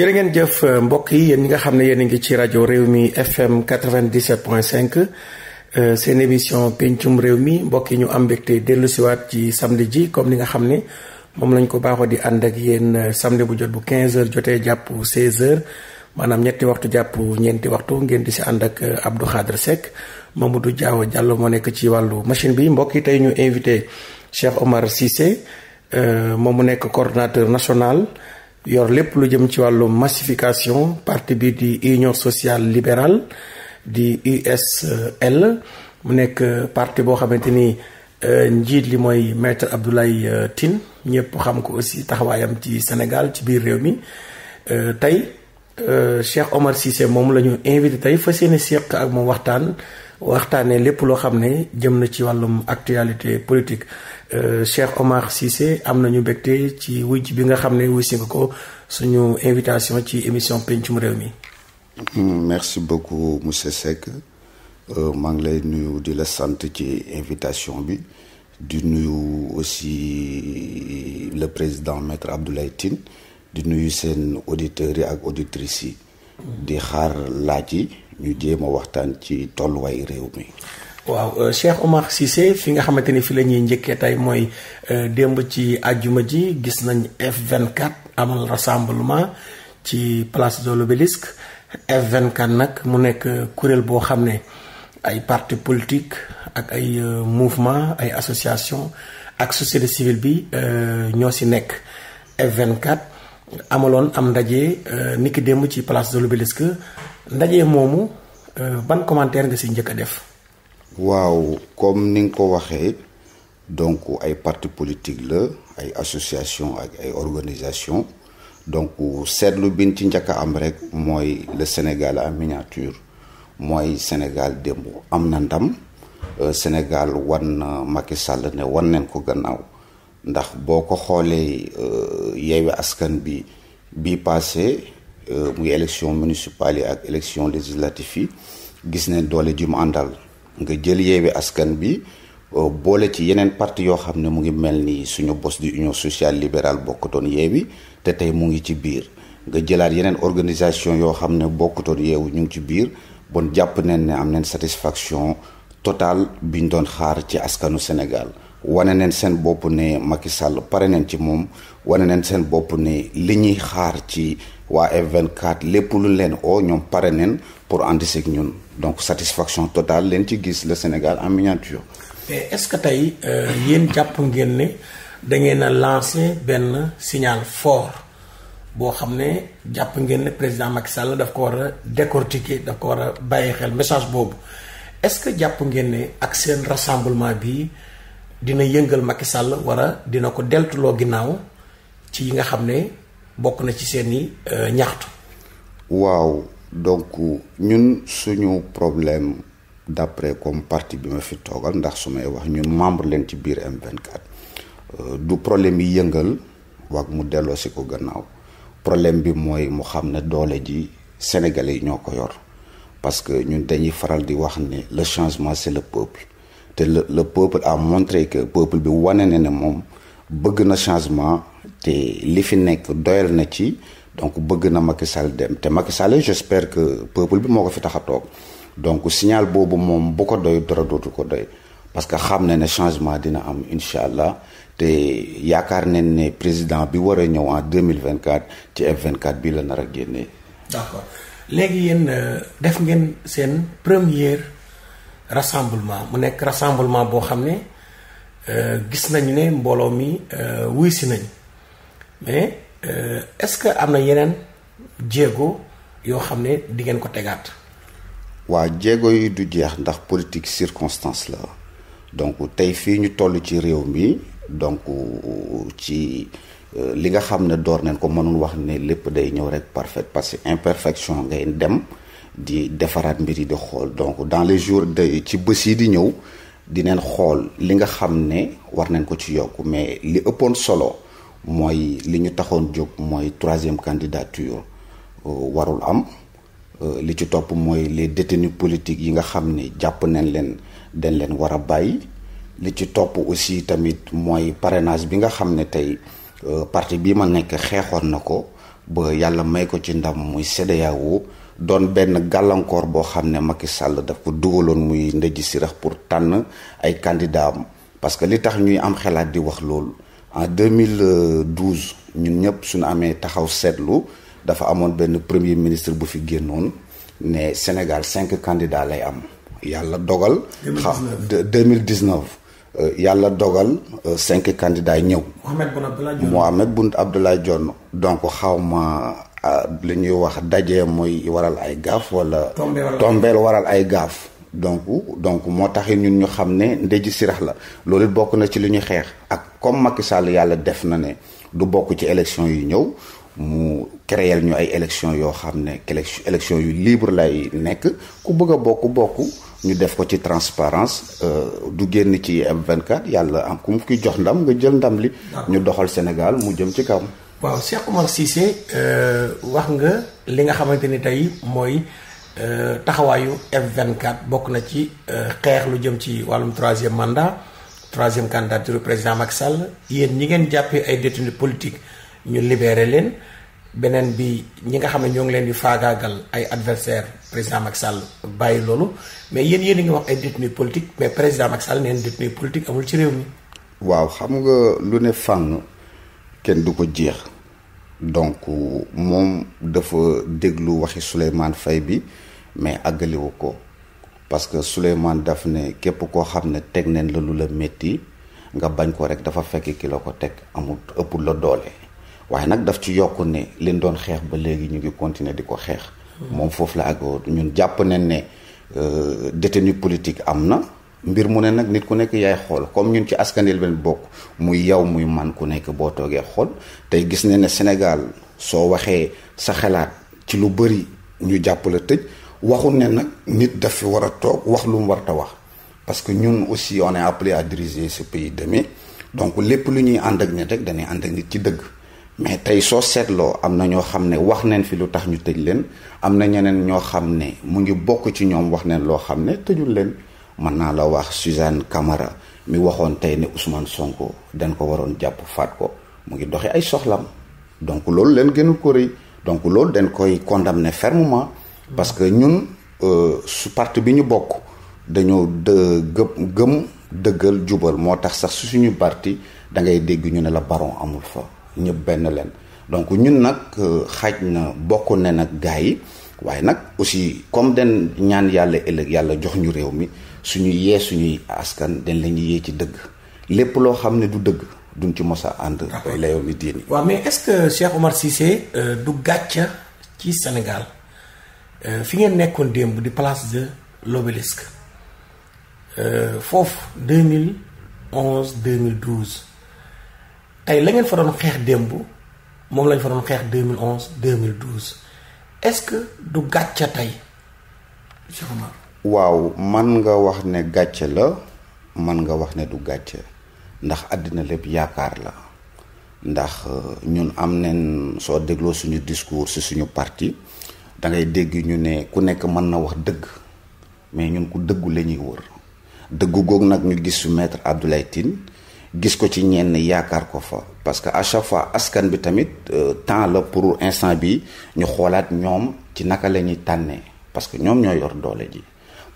jërë ngeen jëf mbokk yi yéen ñi nga xam ne yéen a ngi ci rajo réew mi FM 97.5 euh, seen émission pencum réew mi mbokk yi ñu am mbégte dellu siwaat ci samedi ji comme li nga xam ne moom lañ ko baaxoo di ànd ak yéen euh, samedi bu jot bu quinze h jotee jàpp 16h maanaam ñetti waxtu jàpp ñeenti waxtu ngeen di si ànd ak euh, Abdou Khadre du Mamadou Diaw Diallo moo nekk ci wàllu machine bi mbokk yi tey ñu invité Cheikh Omar Cissé moom mu nekk coordonnateur national. yor lépp lu jëm ci wàllu massification parti bi di union sociale libérale di USL mu nekk euh, parti boo xamante ni euh, njiit li mooy maître Abdoulaye euh, Tine ñëpp xam ko aussi taxawaayam ci Sénégal ci biir réew mi tey Cheikh Omar Cissé moom la ñu invité tey fa yéene seq ak moom waxtaan waxtaanee lépp loo xam ne jëm na ci wàllum actualité politique. Euh, Cheikh Omar Cissé am na ñu mbégte ci wujj bi nga xam ne wusi nga ko suñu invitation ci émission pencum réew mi. Hmm, merci beaucoup monsieur Seck euh, maa ngi lay nuyu di la sant ci invitation bi di nuyu aussi le président maître Abdoulaye tin di nuyu seen auditeurs yi ak auditrices yi. di xaar laaj yi ñu jéem a waxtaan ci tolluwaayu réew mi. waaw euh, Cheikh Omar Cissé fi nga xamante ni fi la ñuy njëkkee tey mooy euh, démb ci àjjuma ji gis nañ F24 amal rassemblement ci place de l'obélisque F24 nag mu nekk euh, kuréel boo xam ne ay parti politique ak ay mouvement ay association ak société civile bi ñoo si nekk F24 amaloon am ndaje niki démb ci place de l'obélisque ndaje moomu ban commentaire nga si njëkk a def waaw comme ni nga ko waxee donc ay parti politique la ay association ak ay organisation donc seetlu bin ci njëkk a am rek mooy le Sénégal en miniature mooy Sénégal démb am na ndam euh, Sénégal wan na Macky Sall ne war nañ ko gannaaw ndax boo ko xoolee euh, yeewi askan bi bi passé euh, muy élection municipale yi ak élection législative yi gis ne doole ji mu nga jël yeewi askan bi euh, boole ci yeneen parti yoo xam ne mu ngi mel ni suñu bos di union sociale libérale bokkutoon yeewi te tey mu ngi ci biir nga jëlaat yeneen organisation yoo xam ne bokkutoon yeewu ñu ngi ci biir bon jàpp nañ ne am nañ total bi ñu doon xaar ci askanu Sénégal wane nañ seen bopp ne Macky Sall pare nañ ci moom wane nañ seen bopp ne li ñuy xaar ci waa F24 lépp lu leen oo ñoom pare nen pour ànd si ñun. donc satisfaction totale leen ci gis le Sénégal en miniature. mais est-ce que tey euh, yéen jàpp ngeen ne da ngeen a lancé benn signal fort boo xam ne jàpp ngeen ne président Macky Sall daf ko war a décortiquer daf ko war a bàyyi xel message boobu est-ce que jàpp ngeen ne ak seen rassemblement bi dina yëngal Macky Sall wala dina ko deltuloo ginnaaw ci yi nga xam ne bokk na ci seen i euh, ñaxtu. waaw. donc ñun suñu problème d'après comme parti bi ma fi toogal ndax su may wax ñun membre leen ci biir M24 euh, du problème yi yëngal waag mu delloo si ko gannaaw problème bi mooy mu xam ne doole ji sénégalais yi ñoo ko yor parce que ñun dañuy faral di wax ne le changement c'est le peuple te le le peuple am montré que peuple bi wane na ne moom bëgg na changement te li fi nekk doyal na ci donc bëgg na Macky Sall dem te Macky Sall j'espère que peuple bi moo ko fi tax a toog donc signal boobu moom bu ko doy dara dootu ko doy parce que xam ne ne changement dina am incha allah te yaakaar nañ ne président bi war a ñëw en 2024 ci F24 bi la nar a génnee. d'accord léegi yéen euh, def ngeen seen première rassemblement mu nekk rassemblement boo xam ne euh, gis nañu ne mbooloo mi euh, wuy si nañ Euh, est-ce que am na yeneen jéego yoo xam ne di ngeen ko tegaat. waa jéego yi du jeex ndax politique circonstance la donc tey fii ñu toll ci réew mi donc ci euh, li nga xam ne door nañ ko mënul wax ne lépp day ñëw rek parfait parce que imperfection ngay dem di defaraat mbir yi di xool donc dans les jours de ci bés yi di ñëw dinañ xool li nga xam ne war nañ ko ci yokk mais li ëppoon solo. mooy li ñu taxoon jóg mooy troisième candidature euh, warul am euh, li ci topp mooy les détenus politiques yi nga xam ne jàpp nañ leen dañ leen war a bàyyi li ci topp aussi tamit mooy parrainage bi nga xam ne tey euh, parti bi ma nekk xeexoon na ko ba yàlla may ko ci ndam muy CEDEAO doon benn gàllankoor boo xam ne Macky Sall daf ko dugaloon muy ndëji sirax pour tànn ay candidat am parce que li tax ñuy am xalaat di wax loolu en 2012 ñun ñëpp suñu amee taxaw seetlu dafa amoon benn premier ministre bu fi génnoon ne Sénégal cinq candidats lay am yàlla dogal. xa 2019 euh, yàlla dogal euh, cinq candidats yi ñëw. Mohamed Boun Abdallah Dionne Mohamed donc xawma euh, li ñuy wax daje mooy waral ay gaaf wala. tombeel waral ay gaaf. donc donc moo tax taxit ñun ñu xam ne ndeji sirax la loolu bokk na ci li ñu xeex ak comme Macky Sall yàlla def na ne du bokk ci élection yu ñëw mu créer ñu ay élection yoo xam ne élection yu libre lay nekk ku bëgg a bokk bokk ñu def ko ci transparence euh, du génn ci M24 yàlla am ku mu ki jox ndam nga jël ndam li ñu doxal Sénégal mu jëm ci kaw waaw Cheikh Oumar Cissé euh, wax nga li nga xamante ni tey mooy Euh, taxawaayu F24 bokk na ci euh, xeex lu jëm ci wàllum troisième mandat troisième candidature président Macky Sall yéen ñi ngeen jàppee ay détenus politique ñu libéré leen beneen bi ñi nga xam ne ñoo ngi leen di faagaagal ay adversaire président Macky Sall bàyyi loolu mais yéen yéen a ngi wax ay détenus politique mais président Macky Sall neen détenus politique amul ci réew mi. waaw xam nga lu ne fànn kenn du ko jeex. donc euh, moom dafa déglu waxi Souleymane fay bi mais àggaliwu ko parce que Souleymane daf ne képp koo xam ne teg neen la lu la métti nga bañ ko rek dafa fekk kilo ko teg amul ëpp la doole waaye nag daf ci yokk ne leen doon xeex ba léegi ñu ngi continuer di ko xeex hmm. moom foofu la àggoo ñun jàpp nañ ne euh, détenu politique am na mbir mu ne nag nit ku nekk yaay xool comme ñun ci askanil benn bokk muy yow muy man ku nekk boo toogee xool tey gis ne ne Sénégal soo waxee sa xelaat ci lu bëri ñu jàppale la tëj waxul ne nag nit dafa war a toog wax lu mu wax parce que ñun aussi on est appelé à diriger ce pays demain donc lépp lu ñuy ànd ak nit rek dañuy ànd ak nit ci dëgg mais tey soo seetloo am na ñoo xam ne wax neen fi lu tax ñu tëj leen am na ñeneen ñoo xam ne mu ngi bokk ci ñoom wax neen loo xam ne tëjul leen mën naa la wax Suzanne kamara mi waxoon tey ne Ousmane Sonko dañ ko waroon jàpp faat ko mu ngi doxi ay soxlam donc loolu leen gënu ko rëy donc loolu dañ koy condamner fermement parce que ñun euh, su parti bi ñu bokk dañoo de gëm gëm dëggal jubal moo tax sax su suñu parti da ngay dégg ñu ne la baron amul fa ñëpp benn leen donc ñun nag euh, xaj na bokk ne nag gars yi waaye nag aussi comme den ñaan yàlla ëllëg yàlla jox ñu réew mi suñu yee suñuy askan dañ lañu yee ci dëgg lépp loo xam ne du dëgg duñ ci mos a ànd layow mi diini waaw mais est-ce que Cheikh Omar Cissé euh, du gàcca ci Sénégal euh, fi ngeen nekkoon démb di place de l'obélisque euh, foofu 2011 2012 tey la ngeen fa xeex démb moom lañ fa doon xeex 2011 2012 est-ce que du gàcca tey Cheikh Omar waaw man nga wax ne gàcce la man nga wax ne du gàcce ndax àddina lépp yaakaar la ndax euh, ñun am nen soo dégloo suñu discours si suñu parti da ngay dégg ñu ne ku nekk mën na wax dëgg mais ñun ku dëggu la ñuy wër dëggu googu nag ñu gis su maître Abdoulaye Tine gis ko ci ñenn yaakaar ko fa parce que à chaque fois askan bi tamit euh, temps la pour instant bi ñu xoolaat ñoom ci naka la ñuy tànnee parce que ñoom ñoo yor doole ji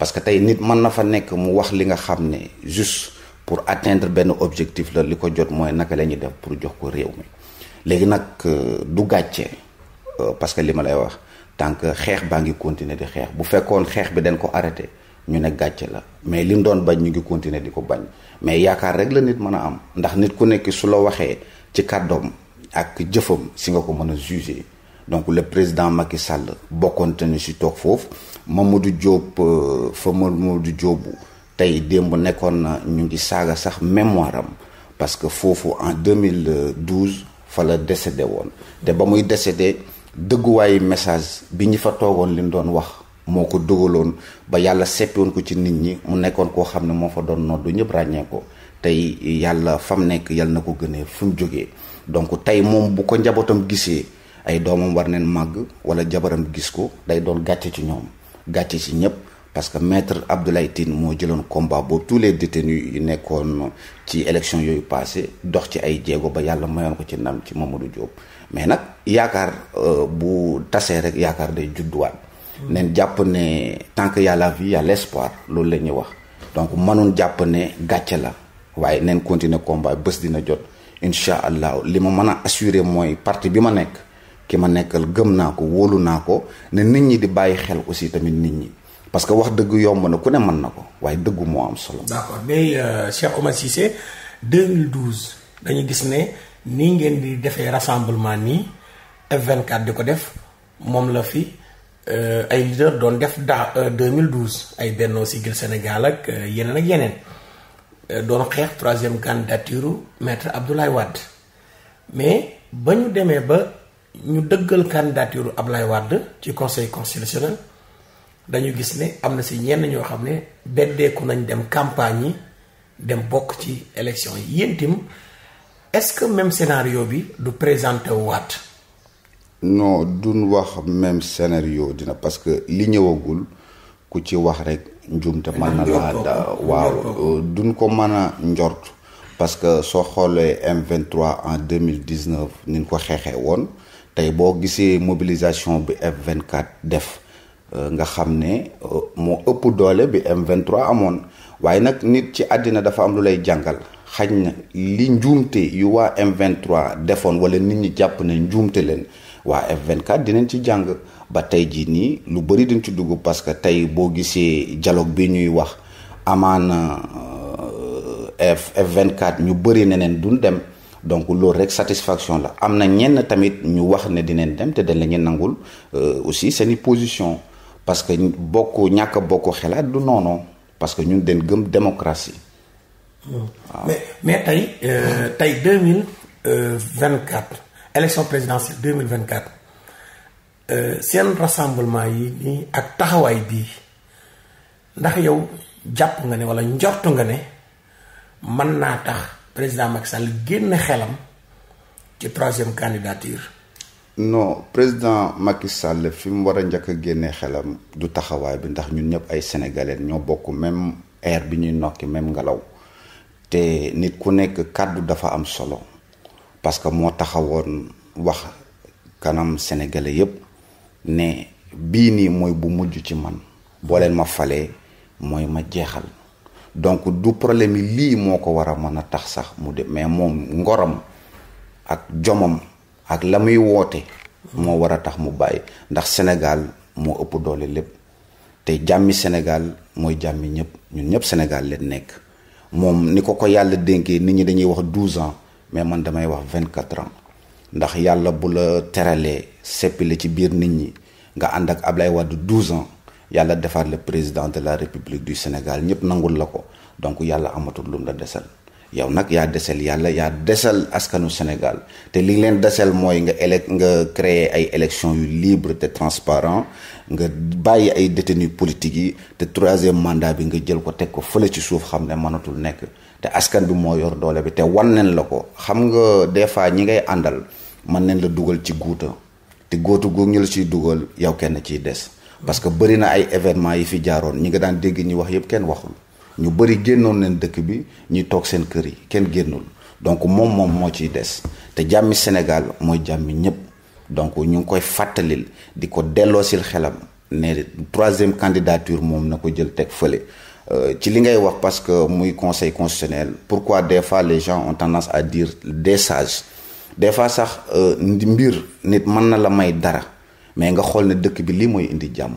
parce que tey nit mën na fa nekk mu wax li nga xam ne juste pour atteindre benn objectif la li ko jot mooy naka la ñuy def pour jox ko réew mi léegi nag euh, du gàcce euh, parce que li ma lay wax tant que xeex baa ngi continuer di xeex bu fekkoon xeex bi dañ ko arrêté ñu ne gàcce la mais li mu doon bañ ñu ngi continuer di ko bañ mais yaakaar rek la nit mën a am ndax nit ku nekk su la waxee ci kàddoom ak jëfam si nga ko mën a juger donc le président Macky Sall bokkoonte ni si toog foofu Mamadou Diop euh, fa Mamadou Diop tey démb nekkoon na ñu ngi saaga sax mémoire am parce que foofu en 2012 fa la décédé woon te ba muy décédé dëgguwaayu message bi ñu fa toogoon li doon wax moo ko dugaloon ba yàlla seppiwoon ko ci nit ñi mu nekkoon koo xam ne moo fa doon noddu ñëpp ràññeekoo tey yàlla fa mu nekk yàlla na ko gënee fu jógee donc tey moom bu ko njabootam gisee ay doomam war neen màgg wala jabaram gis ko day doon gàcce ci ñoom gàcc ci ñëpp parce que maître Abdoulaye Tine moo jëloon combat boobu tous les détenus yu nekkoon ci élection yooyu passé dox ci ay jéego ba yàlla mayoon ko ci ndam ci ma Mamadou Diop mais nag yaakaar euh, bu tasee rek yaakaar day judduwaat neen jàpp ne tant yàlla y a la loolu la ñuy wax donc mënoon jàpp ne gàcce la waaye neen continuer combat bés dina jot incha allah li ma mën a assurer mooy parti bi ma nekk ki ma nekkal gëm naa ko wóolu naa ko ne nit ñi di bàyyi xel aussi tamit nit ñi parce que wax dëgg yomb na ku ne man na ko waaye dëggu moo am solo. d'accord mais euh, Cheikh Omar Cissé 2012 dañu gis ne nii ngeen di defee rassemblement ni F24 di ko def moom la fi euh, ay leader doon def daa 2012 euh, ay Benno Siggil Sénégal ak yeneen ak yeneen doon xeex troisième candidature maître Abdoulaye Wade mais ba ñu demee ba. ñu dëggal candidature Ablaye Wade ci conseil constitutionnel dañu gis ne am na si ñenn ñoo xam ne beddeeku nañ dem campagne yi dem bokk ci élection yi yéen itam est-ce que même scénario bi du présenté waat. non dun wax même scénario dina parce que li ñëwagul ku ci wax rek njuumte mën na laa da waaw duñ ko mën a njort parce que soo xoolee M23 en 2019 ni ñu ko xeexee woon tey boo gisee mobilisation bi F24 def euh, nga xam ne euh, moo ëpp doole bi M23 amoon waaye nag nit ci àddina dafa am lu lay jàngal xañ na li njuumte yu waa M23 defoon wala nit ñi jàpp ne njuumte leen waa F24 dinañ ci jàng ba tey jii nii lu bëri dañ ci dugg parce que tey boo gisee dialogue bi ñuy wax amaana euh, F F24 ñu bëri neneen duñ dem donc loolu rek satisfaction la am na ñenn tamit ñu wax ne dinañ dem te dañ la ñu nangul euh, aussi seen i position parce que bokk ñàkk bokk xelaat du noonu parce que ñun den gëm démocratie. waaw mais mais tey euh, tey deux mille euh, quatre élection présidentielle deux mille vingt quatre seen rassemblement yi nii ak taxawaay bii ndax yow jàpp nga ne walla njortu nga ne mën naa tax. président Macky Sall génn xelam ci troisième candidature. non président Macky Sall fi mu war a njëkk a génnee xelam du taxawaay bi ndax ñun ñëpp ay sénégalais ñoo bokk même air bi ñuy nokki même ngelaw te nit ku nekk kàddu dafa am solo parce que moo taxawoon wax kanam sénégalais yëpp ne bii nii mooy bu mujj ci man boo leen ma falee mooy ma jeexal. donc du problème yi lii moo ko war a mën a tax sax mu dem mais moom ngorom ak jomam ak la muy woote moo war a tax mu bàyyi ndax Sénégal moo ëpp doole lépp te jàmmi Sénégal mooy jàmmi ñëpp ñun ñëpp Sénégal leen nekk moom ni ko ko yàlla dénkee nit ñi dañuy wax douze ans mais man damay wax vingt quatre ans ndax yàlla bu la teralee seppi la ci biir nit ñi nga ànd ak Ablaye Wade douze ans yàlla defaat le président de la république du Sénégal ñëpp nangul la ko donc yàlla amatul lum la desal yow nag yaa desal yàlla yaa desal askanu Sénégal te li leen desal mooy nga élec nga créer ay élection yu libre te transparent nga bàyyi ay détenus politiques yi te troisième mandat bi nga jël ko teg ko fële ci suuf xam ne mënatul nekk te askan bi moo yor doole bi te wan nañ la ko xam nga des fois ñi ngay àndal mën nañ la dugal ci guuta te góotu googu ñu dugal yow kenn ciy des parce que bëri na ay événement yi fi jaaroon ñi nga daan dégg ñi wax yëpp kenn waxul ñu bëri génnoon leen dëkk bi ñuy toog seen kër yi kenn génnul donc moom moom moo ciy des te jàmmi Sénégal mooy jàmmi ñëpp donc ñu ngi koy fàttalil di ko delloosil xelam ne troisième candidature moom na ko jël teg fële euh, ci li ngay wax parce que muy conseil constitutionnel pourquoi des fois les gens ont tendance à dire des sage des fois sax euh, mbir nit mën na la may dara mais nga xool ne dëkk bi lii mooy indi jàmm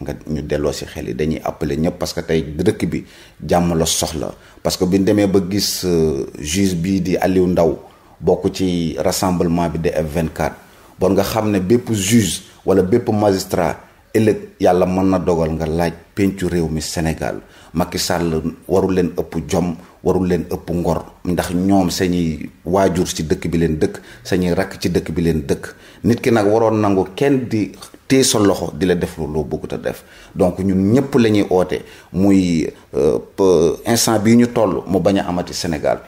nga ñu delloo si xel yi dañuy appelé ñëpp parce que tey dëkk bi jàmm la soxla parce que bi ñu demee ba gis euh, juge bii di Aliou ndaw bokk ci rassemblement bi de F24 bon nga xam ne bépp juge wala bépp magistrat ëllëg yàlla mën na dogal nga laaj pencu réew mi Sénégal Macky Sall waru leen ëpp jom warul leen ëpp ngor ndax ñoom sañuy waajur ci dëkk bi leen dëkk sañuy rakk ci dëkk bi leen dëkk nit ki nag waroon nangu kenn di téye sa loxo di la def loo bëggut a def donc ñun ñëpp la ñuy oote muy euh, instant bii ñu toll mu bañ a amati Sénégal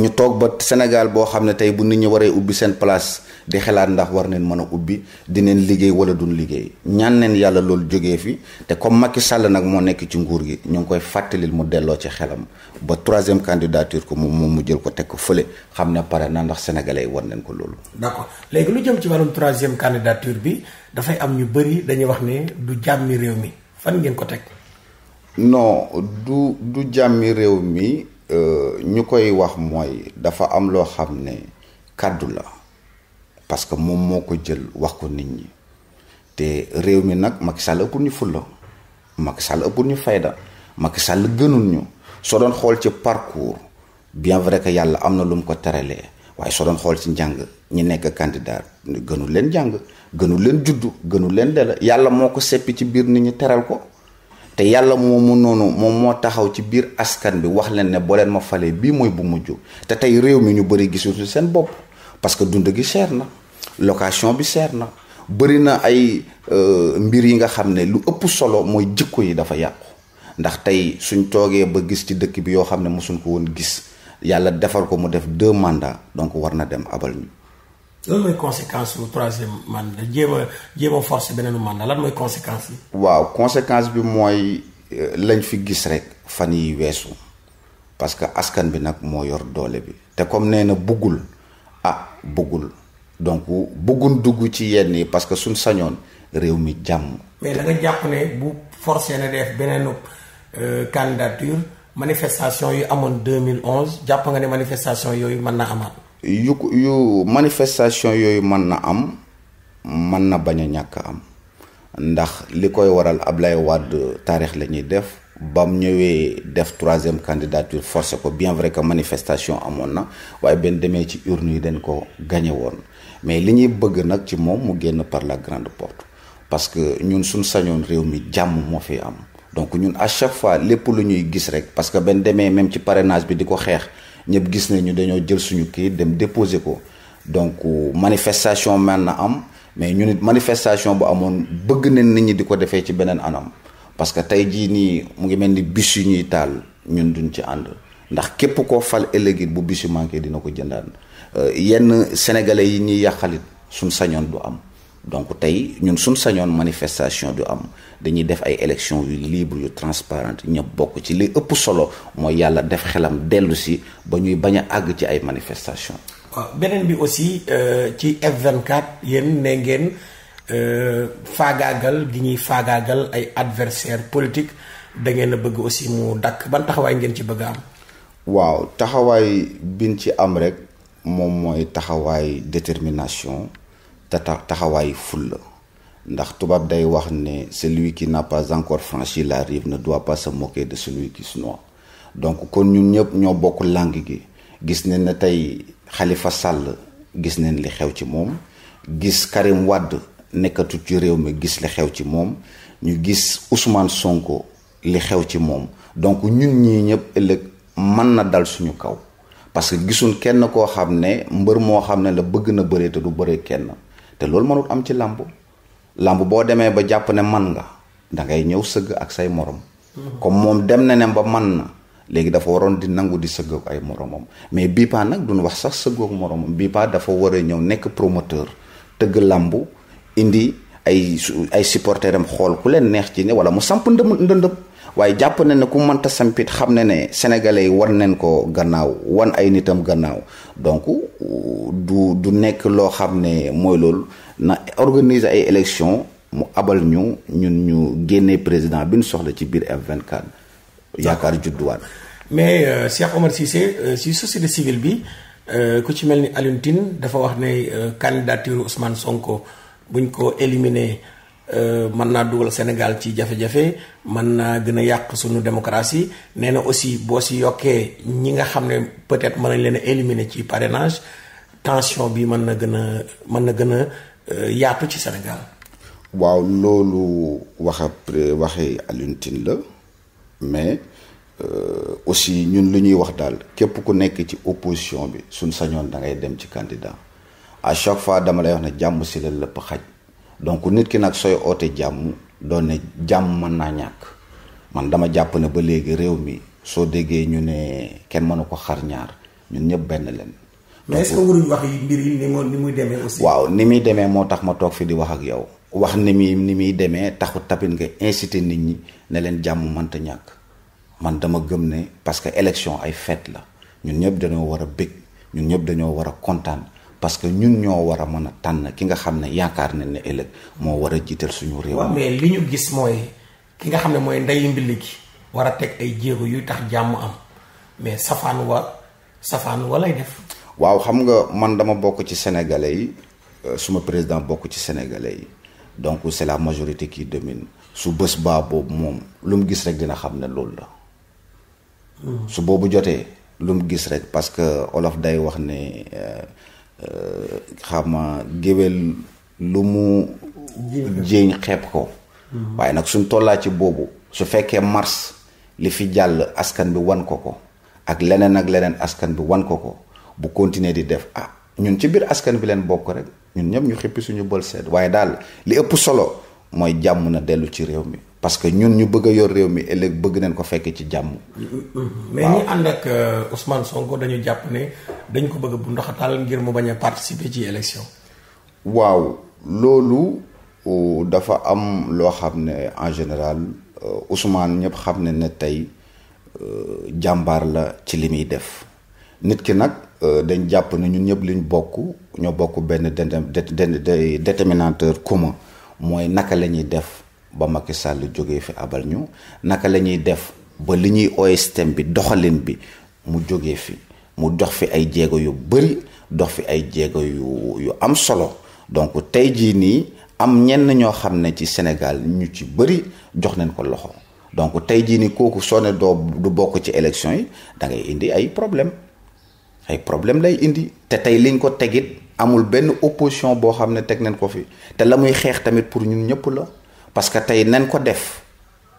ñu toog ba Sénégal boo xam ne tey bu nit ñi waree ubbi seen place di xalaat ndax war neen mën a ubbi dineen liggéey wala duñ liggéey ñaan neen yàlla loolu jógee fi te comme Macky Sall nag moo nekk ci nguur gi ñu ngi koy fàttalil mu delloo ci xelam ba troisième candidature ko moom moom mu jël ko teg ko fële xam ne pare na ndax sénégalais yi war neen ko loolu. d'accord léegi lu jëm ci wàllum troisième candidature bi dafay am ñu bëri dañuy wax ne du jàmmi réew mi fan ngeen ko teg. non du du jàmmi réew mi. Euh, ñu koy wax mooy dafa am loo xam ne kàddu la parce que moom moo ko jël wax ko nit ñi te réew mi nag Macky Sall ëpp ñu fulla Macky Sall ëpp ñu fayda Macky Sall gënul ñu soo doon xool ci parcours bien vrai que yàlla am na lu mu ko teralee waaye soo doon xool ci njàng ñi nekk candidat gënul leen jàng gënul leen juddu gënul leen dela yàlla moo ko seppi ci biir nit ñi teral ko te yàlla moo mun noonu moom moo taxaw ci biir askan bi wax leen ne boo leen ma falee bii mooy bu mujj te tey réew mi ñu bëri gisuñu seen bopp parce que dund gi cher na location bi seer na bëri na ay euh, mbir yi nga xam ne lu ëpp solo mooy jikko yi dafa yàqu ndax tey suñ toogee ba gis ci dëkk bi yoo xam ne mosuñ ko woon gis yàlla defar ko mu def deux mandats donc war na dem abal ñu loolu mooy conséquence su troisième mandat jéem a jéem a force beneenu mandat lan mooy conséquence yi. waaw conséquence bi mooy euh, lañ fi gis rek fan yi weesu parce que askan bi nag moo yor doole bi te comme nee na buggul ah buggul donc buggun dugg ci yenn yi parce que suñ sañoon réew mi jàmm. mais da nga jàpp ne bu ne na def beneenu euh, candidature manifestation yu amoon 2011 jàpp nga ne manifestation yooyu mën na amaat. yu yu manifestation yooyu mën na am mën na bañ a ñàkk am ndax li koy waral ab Ablaye Wade taarix la ñuy def bam ñëwee def troisième candidature forcé ko bien vrai que manifestation amoon na waaye benn demee ci urne yi dañ ko gañe woon mais li ñuy bëgg nag ci moom mu génn par la grande porte parce que ñun suñ sañoon réew mi jàmm moo fi am donc ñun à chaque fois lépp lu ñuy gis rek parce que benn demee même ci parrainage bi di ko xeex ñëpp gis nañu dañoo jël suñu kii dem déposer ko donc euh, manifestation man na am mais ñu nit manifestation bu amoon bëgg nañ nit ñi di ko defee ci beneen anam parce que tey jii nii mu ngi mel ni bis yu ñuy taal ñun duñ ci ànd ndax képp koo fal ëllëgit bu bis yu manqué dina ko jëndaan euh, yenn sénégalais yi ñuy yàqalit suñ sañoon du am donc tey ñun suñ sañoon manifestation du am dañuy def ay élection yu libre yu transparente ñëpp bokk ci li ëpp solo mooy yàlla def xelam dellu si ba ñuy bañ a àgg ci ay manifestation beneen bi aussi euh, ci F24 yéen ne ngeen euh, faagaagal gi ñuy faagaagal ay adversaire politique da ngeen a bëgg aussi mu dakk ban taxawaay ngeen ci bëgg am waaw taxawaay bin ci am rek moom mooy taxawaay détermination te taxawaay ful fulla ndax tubaab day wax ne celui qui n'a pas encore franchi la rive na doit pas se moquer de celui qui su noie donc kon ñun ñëpp ñoo bokk langue gi gis nañ ne tey Khalifa Sall gis nañ li xew ci moom gis Karim wàdd nekkatu ci réew mi gis li xew ci moom ñu gis Ousmane Sonko li xew ci moom donc ñun ñi ñëpp ëllëg mën na dal suñu kaw parce que gisuñ kenn koo xam ne mbër moo xam ne la bëgg na bëree te du bëree kenn te loolu mënut am ci làmb làmb boo demee ba jàpp ne man nga dangay ñëw sëgg ak say morom mhm. comme moom dem na ne ba man na léegi dafa waroon di nangu di sëggoog ay moromam mais bii paa nag duñ wax sax sëggoog moromam bii paa dafa war a ñëw nekk promoteur tëgg làmb indi ay ay supporteram xool ku leen neex ci ne wala mu samp ndëm ndëndëm waaye jàpp na ne ku mënta sampit xam ne ne sénégalais yi war nañ ko gannaaw wan ay nitam gannaaw donc du du nekk loo xam ne mooy loolu na organiser ay élections mu abal ñu ñun ñu génnee président bi ñu soxla ci biir F24 yaakaar judduwaat. mais euh, Cheikh Omar Cissé euh, si société civile bi euh, ku ci mel ni Alioune dafa wax ne euh, candidature Ousmane Sonko buñ ko éliminer Euh, mën naa dugal Sénégal ci jafe-jafe mën naa gën a yàq suñu démocratie nee na aussi boo si yokkee ñi nga xam ne peut-être mën nañ leen a éliminer ci parrainage tension bi mën na gën a man na gën a euh, yaatu ci Sénégal. waaw loolu wax après waxi Alioune la mais euh, aussi ñun lu ñuy wax daal képp ku nekk ci opposition bi suñ sañoon da ngay dem ci candidat a chaque fois dama lay wax ne jàmm si la lëpp xaj. donc nit ki nag sooy oote jàmm doon ne jàmm man naa ñàkk man dama jàpp ne ba léegi réew mi soo déggee ñu ne kenn mënu ko xar ñaar ñun ñëpp benn leen. mais ni muy demee waaw ni muy demee moo tax ma toog fi di wax ak yow wax ni muy ni muy demee taxut tamit nga inciter nit ñi ne leen jàmm mënta ñàkk man dama gëm ne parce que élection ay fête la ñun ñëpp dañoo war a bëgg ñun ñëpp dañoo war a kontaan. parce que ñun ñoo war a mën a tànn ki nga xam ne yaakaar nañ ne ëllëg moo war a jiital suñu réew. waaw mais li ñu gis mooy ki nga xam ne mooy ndeyu mbili gi. war a teg ay jéego yuy tax jàmm am mais safaan wa safaan wa lay def. waaw xam nga man dama bokk ci sénégalais yi euh, suma président bokk ci sénégalais yi donc c'est la majorité qui domine su bës baa boobu moom lu mu gis rek dina xam ne loolu la. Hmm. su boobu jotee lu mu gis rek parce que olof day wax ne. Euh, Euh, xama géwél lu mu jéeñ xepp ko mhm. waaye nag suñ tollaa ci boobu su fekkee mars li fi jàll askan bi wan ko ko ak leneen ak leneen askan bi wan ko ko bu continuer di def ah ñun ci biir askan bi leen bokk rek ñun ñëpp ñu xippi suñu bol seet waaye daal li ëpp solo mooy jàmm na dellu ci réew mi parce que ñun ñu bëgg a yor réew mi ëllëg bëgg nañ ko fekk ci jàmm. mais ñi ànd ak euh, Ousmane Sonko dañu jàpp ne dañ ko bëgg bu ndox ndoxatal ngir mu bañ a participer ci élection. waaw loolu euh, dafa am loo xam ne en général euh, Ousmane ñëpp xam ne ne tey jàmbaar la ci li muy def nit ki nag dañ jàpp ne ñun ñëpp luñ bokk ñoo bokk benn déterminateur commun mooy naka la ñuy def. ba Macky Sall jógee fi abal ñu naka la ñuy def ba li ñuy ooy bi doxalin bi mu jógee fi mu jox fi ay jéego yu bëri dox fi ay jéego yu yu am solo donc tey jii nii am ñenn ñoo xam ne ci Sénégal ñu ci bëri jox nañ ko loxo donc tey jii nii kooku soo ne doo du bokk ci élection yi da ngay indi ay problème ay problème lay indi te tey liñ ko tegit amul benn opposition boo xam ne teg nañ ko fi te la muy xeex tamit pour ñun ñëpp la parce que tey nen ko def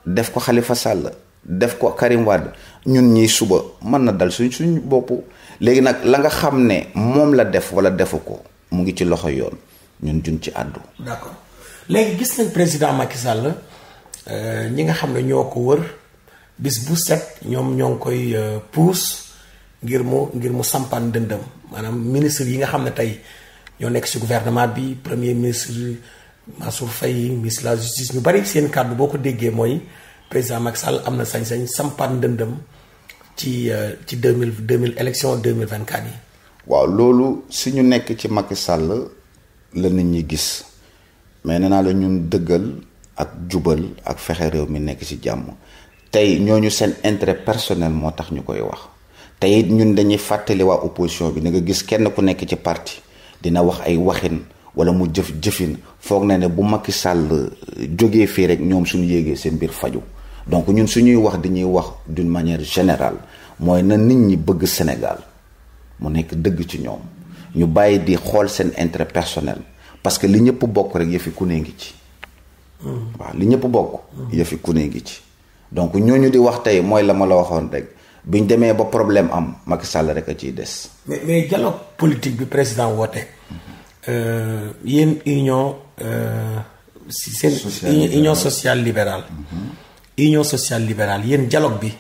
def ko xalifa Sall def ko Karim ñun ñii suba mën na dal suñ suñ bopp léegi nag la nga xam ne moom la def wala defu ko mu ngi ci loxo yoon ñun jun ci àddu. d'accord léegi gis nañ président Macky Sall euh, ñi nga xam ne ñoo ko wër bis bu set ñoom ñoo ngi koy euh, puus ngir mu ngir mu sampaan dëndam maanaam ministre yi nga xam ne tey ñoo nekk ci gouvernement bi premier ministre. Mansour Faye ministre de la justice ñu bari seen kàddu boo ko déggee mooy président Macky Sall am na sañ-sañ sampan ndëndëm ci euh, ci deux mille deux mille élection deux mille vingt quatre yi. waaw loolu si ñu nekk ci Macky Sall la nit ñi gis mais ne naa la ñun dëggal ak jubal ak fexe réew mi nekk ci jàmm tey ñoo ñu seen intérêt personnel moo tax ñu koy wax tey it ñun dañuy fàttali waa opposition bi na nga gis kenn ku nekk ci partie dina wax ay waxin. wala mu jëf jëfin foog na ne bu Macky sàll euh, jógee fii rek ñoom suñu yéegee seen mbir faju donc ñun suñuy wax dañuy wax d'une manière général mooy na nit ñi bëgg Sénégal mu nekk dëgg ci ñoom ñu bàyyi di xool seen intérêt personnel parce que li ñëpp bokk rek yëfi ku ngi ci hmm. waaw li ñëpp bokk hmm. yëfi ku ci donc ñooñu di wax tey mooy la ma la waxoon rek bi ñu demee ba problème am Macky Sall rek a ciy des mais mais dialogue politique bi président woote hmm. Euh, yéen union euh, si seen union sociale libérale mhm. union sociale libérale yéen dialogue bi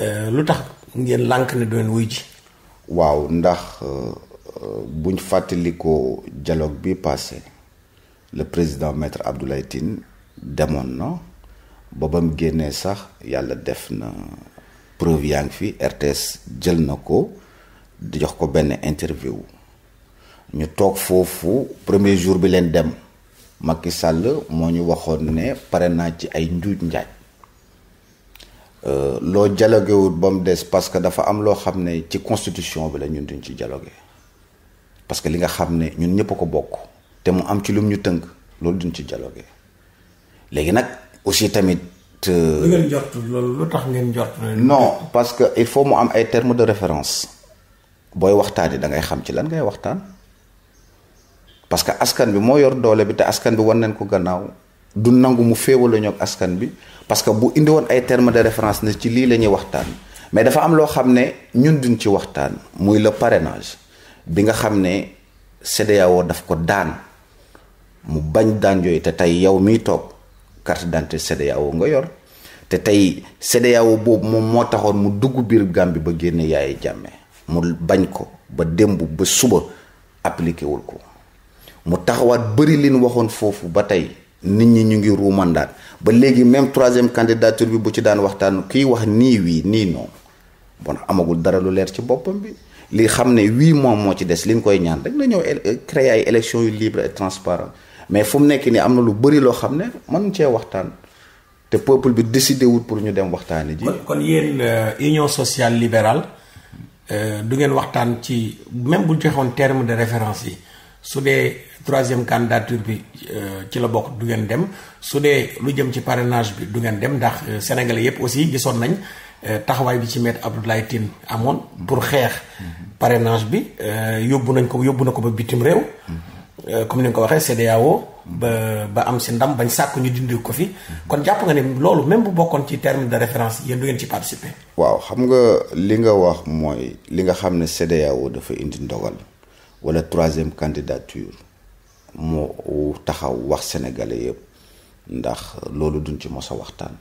euh, lu tax ngeen lànk ne doon wuy ji waaw ndax buñ fàttalikoo jaloog bi passé le président maître Abdoulaye Tine demoon na ba bam génnee sax yàlla def na preuve yaa ngi fi RTS jël na ko di jox ko benn interview ñu toog foofu premier jour bi leen dem Macky Sall moo ñu waxoon ne pare naa ci ay njuuj njaaj euh, loo dialoguewut ba mu des parce que dafa am loo xam ne ci constitution bi la ñun duñ ci jalooge parce que li nga xam ne ñun ñëpp a ko bokk te mu am ci lum ñu tënk loolu duñ ci dialogué léegi nag aussi tamit. lu ngeen loolu lu tax ngeen jort. parce que il faut mu am ay termes de référence booy waxtaanee da ngay xam ci lan ngay waxtaan. parce que askan bi moo yor doole bi te askan bi wan nañ ko gannaaw du nangu mu féewala ñoog askan bi parce que bu indi woon ay termes de référence ne ci lii la ñuy waxtaan mais dafa am loo xam ne ñun duñ ci waxtaan muy le parrainage bi nga xam ne CEDEAO daf ko daan mu bañ daan yooyu te tey yow miy toog carte d'identité CEDEAO nga yor te tey CEDEAO boobu moom moo taxoon mu dugg biir Gàmbi ba génne yaay Jammeh mu bañ ko ba démb ba suba appliqué wul ko mu taxawaat bëri li ñu waxoon foofu ba tey nit ñi ñu ngi ruumandaat ba léegi même troisième candidature bi bu ci daan waxtaan kiy wax nii wii nii non bon amagul dara lu leer ci boppam bi li xam ne wii moom moo ci des li koy ñaan rek la ñëw créer ay élections yu libre et transparent mais fu mu nekk nii am na lu bëri loo xam ne mënuñ cee waxtaan te peuple bi décidé wut pour ñu dem waxtaani ji. kon yéen euh, union sociale libérale euh, du ngeen waxtaan ci même bu joxoon terme de référence yi. su dee troisième candidature bi euh, ci la bokk du ngeen dem su dee lu jëm ci parenage bi du ngeen dem ndax euh, sénégalais yépp aussi gisoon nañ euh, taxawaay bi ci maître Abdoulaye Tine amoon pour xeex parenage bi yóbbu nañ ko yóbbu na ko ba bitim réew comme ni nga ko waxee CEDEAO ba ba am si ndam bañ sàkk ñu dindi ko fi kon jàpp nga ne loolu même bu bokkoon ci terme de référence yéen du ngeen ci participer waaw xam nga li nga wax mooy li nga xam ne CEDEAO dafa indi ndogal wala troisième candidature moo taxaw wax sénégalais yëpp ndax loolu duñ ci mos a waxtaan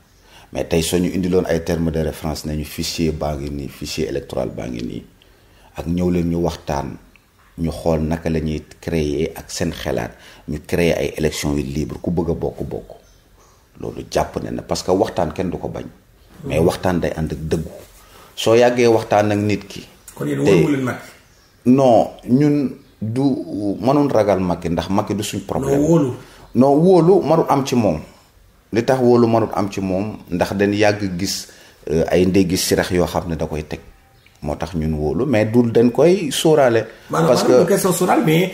mais tey soo ñu indiloon ay termes de référence nañu fichier baa ngi nii fichier électoral baa ngi nii ak ñëw leen ñu waxtaan ñu xool naka la ñuy créer ak seen xelaat ñu créer ay élections yu libre ku bëgg a bokk bokk loolu jàpp ne na parce que waxtaan kenn du ko bañ. mais waxtaan day ànd ak dëggu. soo yàggee waxtaan ak nit ki. non ñun du mënoon ragal Macky ndax Macky du suñ problème. non wóolu. non wóolu am ci moom. li tax wóolu marul am ci moom ndax dañ yàgg gis euh, ay ndéggi sirax yoo xam ne da koy teg moo tax ñun wóolu mais du dañ koy sóoraale. parce que maanaam question mais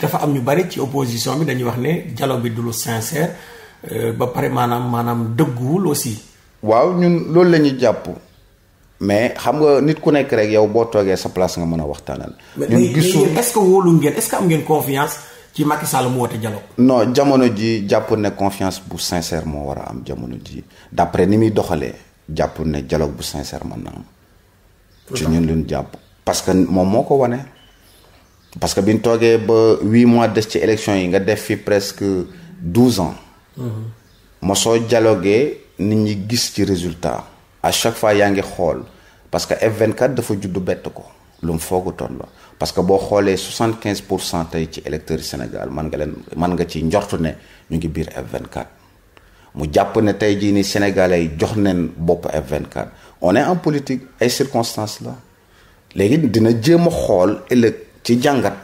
dafa am ñu bari ci opposition bi dañuy wax ne dialogue bi du lu sincère euh, ba pare maanaam maanaam dëgguwul aussi. waaw ñun loolu lañuy jàpp mais xam nga nit ku nekk rek yow boo toogee sa place nga mën a waxtaanal. ñun gisul est-ce que wóolu ngeen est-ce que am ngeen confiance ci Macky Sall mu woote dialogue. jamono ji jàpp ne confiance bu sincère moo war a am jamono ji d'après ni muy doxalee jàpp ne dialogue bu sincère mën na am. ci ñun luñ jàpp parce que moom moo ko wane. parce que bi ñu toogee ba huit mois des ci élection yi nga def fi presque douze ans. Mhm. soo jaloogee nit ñi gis ci résultat. à chaque fois yaa ngi xool. parce que F24 dafa juddu bett ko lu mu foogutoon la parce que boo xoolee 75 pour cent tey ci électeurs Sénégal man nga leen man nga ci njortu ne ñu ngi biir F24 mu jàpp ne tey jii ni Sénégalais yi jox neen bopp F24 on est en politique ay circonstances la léegi dina jéem a xool ëllëg ci jàngat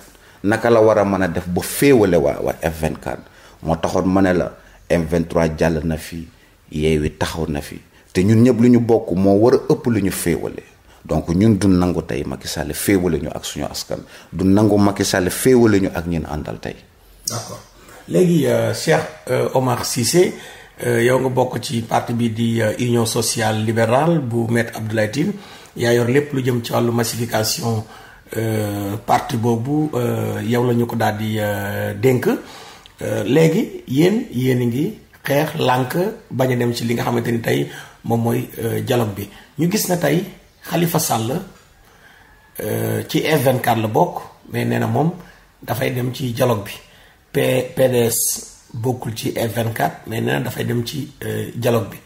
naka la war a mën a def ba féewale waa waa F24 moo taxoon ma ne la M23 jàll na fii yeewi taxaw na fi te ñun ñëpp lu ñu bokk moo war a ëpp lu ñu féewale donc ñun du nangu tey Macky Sall féewale ñu ak suñu askan du nangu Macky Sall féewale ñu ak ñun àndal tey. d'accord léegi euh, Cheikh euh, Omar Cissé euh, yow nga bokk ci parti bi di Union sociale libérale bu Maître Abdoulaye Tine yaa yor lépp lu jëm ci wàllu massification parti boobu yow lañu ko daal di dénk léegi yéen yéen a ngi xeex lànk bañ a dem ci li nga xamante ni tey. moom mooy euh, dialogue bi ñu gis na tey Khalifa Sall euh, ci F24 la bokk mais nee na moom dafay dem ci jaloog bi P PDS bokkul ci F24 mais nee na dafay dem ci euh, dialogue bi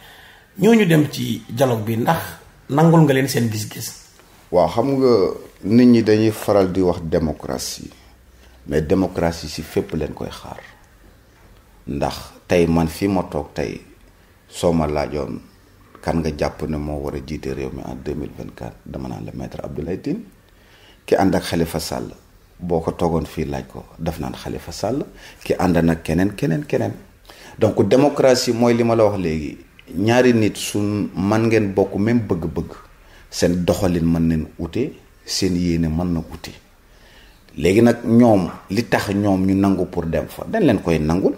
ñoo ñu dem ci jaloog bi ndax nangul nga leen seen gis-gis. waaw xam nga nit ñi dañuy faral di wax démocratie mais démocratie si fépp leen koy xaar ndax tey man fi ma toog tey soo ma laajoon. kan nga jàpp ne moo war a jiite réew mi en deux mille vingt quatre dama naan la maître Abdoulaye Tine ki ànd ak Khalifa Sall boo ko toogoon fii laaj ko daf naan Khalifa Sall ki ànd nag keneen keneen keneen donc démocratie mooy li ma la wax léegi ñaari nit su man ngeen bokk même bëgg-bëgg seen doxalin mën nañ ute seen yéene mën na ute léegi nag ñoom li tax ñoom ñu nangu pour dem fa dañ leen koy nangul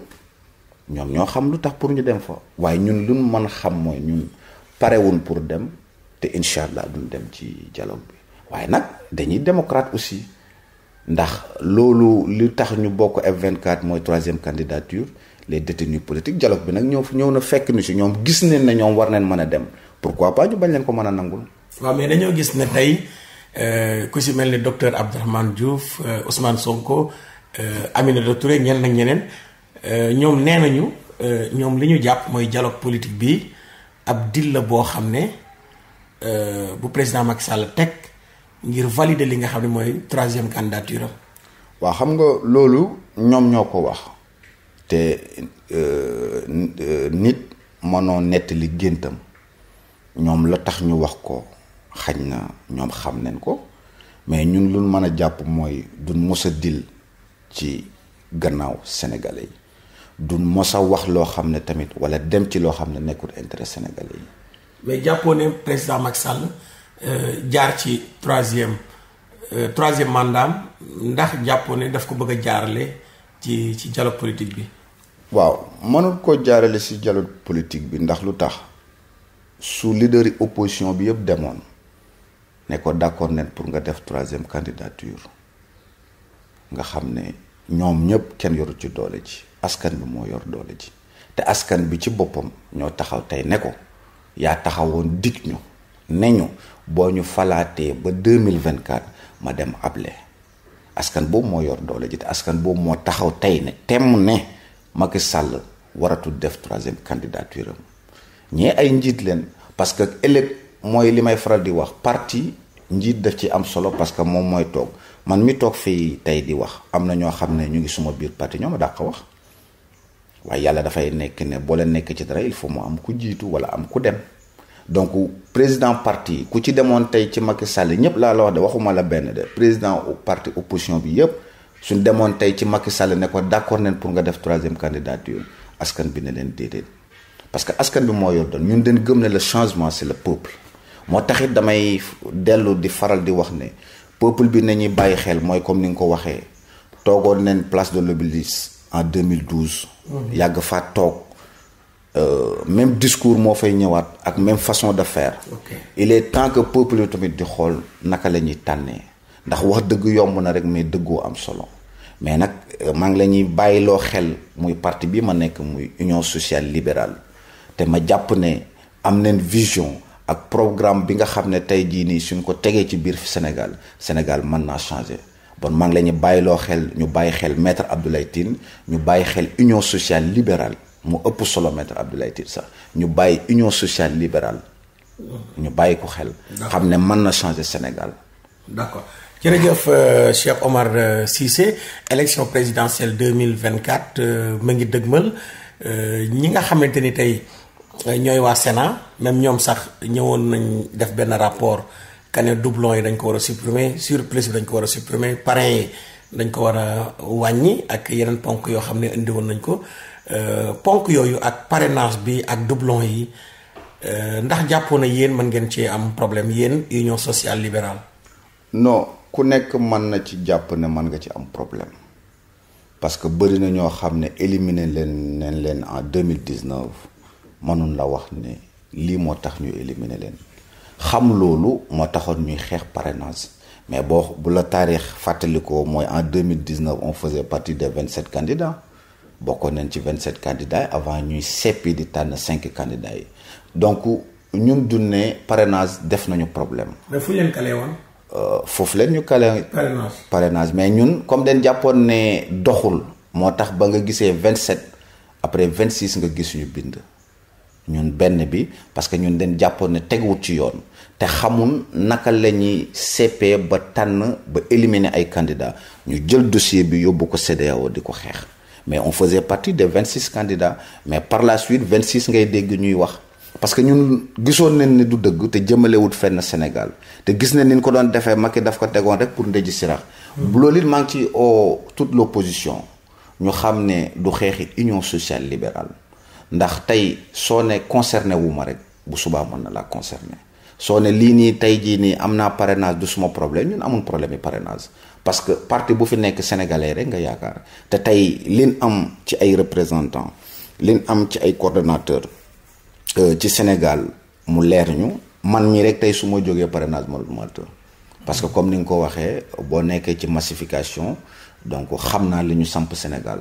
ñoom ñoo xam lu tax pour ñu dem fa waaye ñun luñ mën xam mooy ñun parewun pour dem te incha allah duñ dem ci dialogue bi waaye nag dañuy démocrate aussi ndax loolu lu tax ñu bokk vingt 24 mooy troisième candidature les détenus politiques dialogue bi nag ñëw ñëw na fekk ni si ñoom gis neen ne ñoom war neen mën a dem pourquoi pas ñu bañ leen ko mën a nangul. waaw mais dañoo gis ne tey euh, ku si mel ni docteur Abdourahmane Diouf euh, Ousmane Sonko euh, Aminata Touré ñenn ak ñeneen ñoom nee nañu ñoom li ñu jàpp mooy dialogue politique bi. ab dil la boo xam ne euh, bu président Macky Sall teg ngir valider li nga xam ne mooy troisième candidature am. waaw xam nga loolu ñoom ñoo ko wax te euh, nit mënoo nettali géntam ñoom la tax ñu wax ko xañ na ñoom xam nañ ko mais ñun lu mën a jàpp mooy duñ mës a dil ci gannaaw sénégalais yi. du mosa wax loo xam ne tamit wala dem ci loo xam ne nekkul intérêt sénégalais yi. mais jàppoo ne président Macky Sall euh, jaar ci troisième euh, troisième mandat ndax jàppoo ne daf ko bëgg jaarale ci ci dialogue politique bi. waaw mënul ko jaarale ci dialogue politique bi ndax lu tax su leader yi opposition bi yëpp demoon ne ko d'accord nen pour nga def troisième candidature nga xam ne ñoom ñëpp kenn yoru ci doole ci askan bi moo yor doole ji te askan bi ci boppam ñoo taxaw tey ne ko yaa taxawoon dig ñu ne ñu boo ñu falaatee ba 2024 ma dem ab able askan boobu moo yor doole ji te askan boobu moo taxaw tey ne temm ne Macky Sall waratul def troisième candidature am ñee ay njiit leen parce que ëllëg mooy li may faral di wax parti njiit daf ci am solo parce que moom mooy toog man mi toog fii tey di wax am na ñoo xam ne ñu ngi suma biir parti ñoo ma dàq wax waaye yàlla dafay nekk ne boo leen nekkee ci dara il faut mu am ku jiitu wala am ku dem donc président parti ku ci demoon tey ci Macky Sall ñëpp laa la wax de waxuma la benn de président parti opposition bi yëpp suñ demoon tey ci Macky Sall ne ko d'accord neen pour nga def troisième candidature askan bi ne leen déedéet parce que askan bi moo yor doon ñun dañ gëm ne le changement c'est le peuple moo taxit damay dellu di faral di wax ne peuple bi nañuy bàyyi xel mooy comme ni nga ko waxee toogoon neen place de l'Obélisque en 2012 yàgg fa toog euh, même discours moo fay ñëwaat ak même façon de faire il est temps que peuple tamit di xool naka la ñuy tànnee ndax wax dëgg yomb na rek mais dëggoo am solo mais nag euh, maa ngi la ñuy bàyyiloo xel muy partie bi ma nekk muy union sociale libérale te ma jàpp ne am nañ vision ak programme bi nga xam ne tey jii nii suñ ko tegee ci biir fi Sénégal Sénégal mën naa changer bon maa la ñu bàyyiloo xel ñu bàyyi xel maître Abdoulaye Tine ñu bàyyi xel union sociale libérale mu ëpp solo maître Abdoulaye sax ñu bàyyi union sociale libérale ñu bàyyi ko xel xam ne mën na changer Sénégal d'accord jërëjëf euh, Cheikh Omar euh, Cissé élection présidentielle 2024 euh, ma ngi dëgmal ñi nga xamante ni tey ñooy waa Sénat même ñoom sax ñëwoon nañ def benn rapport que ne doublon yi dañ ko war a supprimer surplus bi dañ ko war a supprimer parrain yi dañ ko war a wàññi ak yeneen ponk yoo xam ne indi nañ ko euh, ponk yooyu ak parrainage bi ak doublon yi euh, ndax jàppoon na yéen mën ngeen ci am problème yéen union sociale libérale. no ku nekk mën na ci jàpp ne mën nga ci am problème parce que bëri na ñoo xam ne éliminer leen leen leen en deux mille dix-neuf mënuñ la wax ne lii moo tax ñu éliminé leen. xam loolu moo taxoon ñuy xeex parrainage mais boo bu la taarix fàttalikoo mooy en 2019 on faisait partie des 27 candidats bokkoon nañ ci vingt 27 candidats avant ñuy seppi di tànn cinq candidats yi donc ñun dunne parrainage def nañu problème. mais fu euh, foofu leen ñu kale. parrainage parrainage mais ñun comme dañ jàppoon ne doxul moo tax ba nga gisee 27 après vingt 26 nga gis ñu bind. ñun benn bi parce que ñun den jàppoon ne teguwut ci yoon te xamul naka la ñuy seppee ba tànn ba éliminer ay candidats ñu jël dossier bi yóbbu ko CEDEAO di ko xeex mais on faisait partie de vingt six candidats mais par la suite vingt six ngay dégg ñuy wax parce que ñun gisoon nañ ne du dëgg te jëmalewut fenn Sénégal te gis nañ ni ko doon defee mag Macky daf ko tegoon rek pour ndeji sirax bu hmm. loolu maa ngi ci o toute l' opposition ñu xam ne du xeexi union sociale liberale ndax tey soo ne concerné wu ma rek bu subaa mën na laa concerné soo ne lii nii tey jii nii am naa parrainage du suma problème ñun amul problème yi parrainage parce que parti bu fi nekk sénégalais rek nga yaakaar te tey liñ am ci ay représentants liñ am ci ay coordonnateurs euh, ci Sénégal mu leer ñu man mii rek tey su ma jógee parrainage ma parce que comme ni nga ko waxee boo nekkee ci massification donc xam naa li ñu samp Sénégal